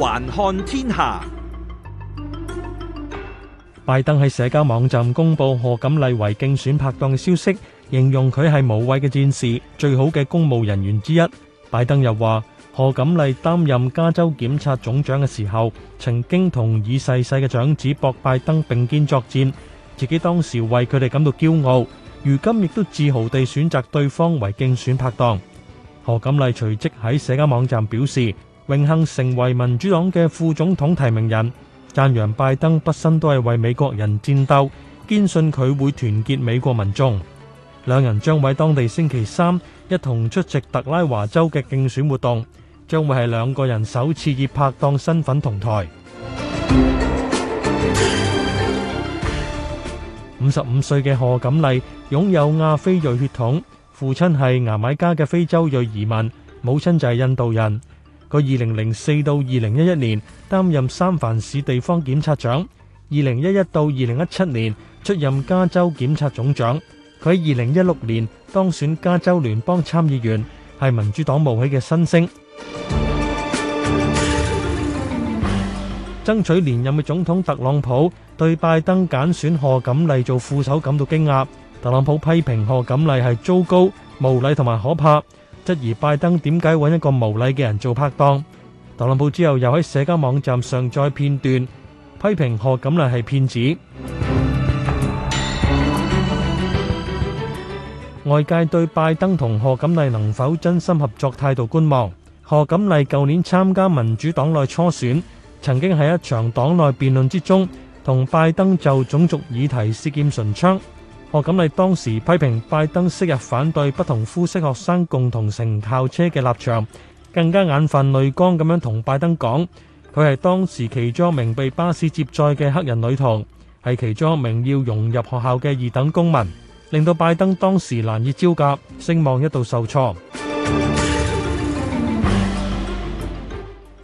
環看天下，拜登喺社交網站公布賀錦麗為競選拍檔嘅消息，形容佢係無畏嘅戰士，最好嘅公務人員之一。拜登又話，賀錦麗擔任加州檢察總長嘅時候，曾經同已逝世嘅長子博拜登並肩作戰，自己當時為佢哋感到驕傲，如今亦都自豪地選擇對方為競選拍檔。賀錦麗隨即喺社交網站表示。榮幸成為民主黨嘅副總統提名人，讚揚拜登畢生都係為美國人戰鬥，堅信佢會團結美國民眾。兩人將會當地星期三一同出席特拉華州嘅競選活動，將會係兩個人首次以拍檔身份同台。五十五歲嘅賀錦麗擁有亞非裔血統，父親係牙買加嘅非洲裔移民，母親就係印度人。佢二零零四到二零一一年擔任三藩市地方檢察長，二零一一到二零一七年出任加州檢察總長。佢喺二零一六年當選加州聯邦參議員，係民主黨冒起嘅新星。爭取連任嘅總統特朗普對拜登揀選賀錦麗做副手感到驚訝，特朗普批評賀錦麗係糟糕、無禮同埋可怕。質疑拜登點解搵一個無禮嘅人做拍檔？特朗普之後又喺社交網站上載片段批評賀錦麗係騙子。外界對拜登同賀錦麗能否真心合作態度觀望。賀錦麗舊年參加民主黨內初選，曾經喺一場黨內辯論之中同拜登就種族議題舌劍唇槍。賀錦麗當時批評拜登昔日反對不同膚色學生共同乘校車嘅立場，更加眼泛淚光咁樣同拜登講，佢係當時其中一名被巴士接載嘅黑人女童，係其中一名要融入學校嘅二等公民，令到拜登當時難以招架，聲望一度受挫。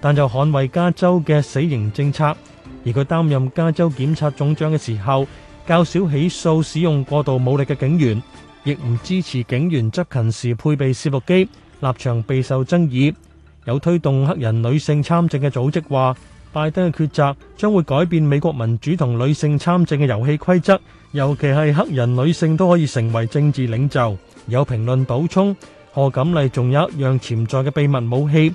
但就捍衞加州嘅死刑政策，而佢擔任加州檢察總長嘅時候，較少起訴使用過度武力嘅警員，亦唔支持警員執勤時配備攝錄機，立場備受爭議。有推動黑人女性參政嘅組織話，拜登嘅抉擇將會改變美國民主同女性參政嘅遊戲規則，尤其係黑人女性都可以成為政治領袖。有評論補充，賀錦麗仲有一樣潛在嘅秘密武器。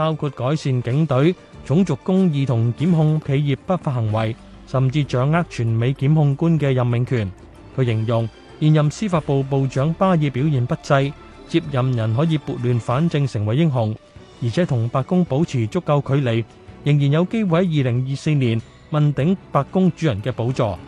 包括改善警隊種族公義同檢控企業不法行為，甚至掌握全美檢控官嘅任命權。佢形容現任司法部部長巴爾表現不濟，接任人可以撥亂反正成為英雄，而且同白宮保持足夠距離，仍然有機會喺二零二四年問鼎白宮主人嘅寶座。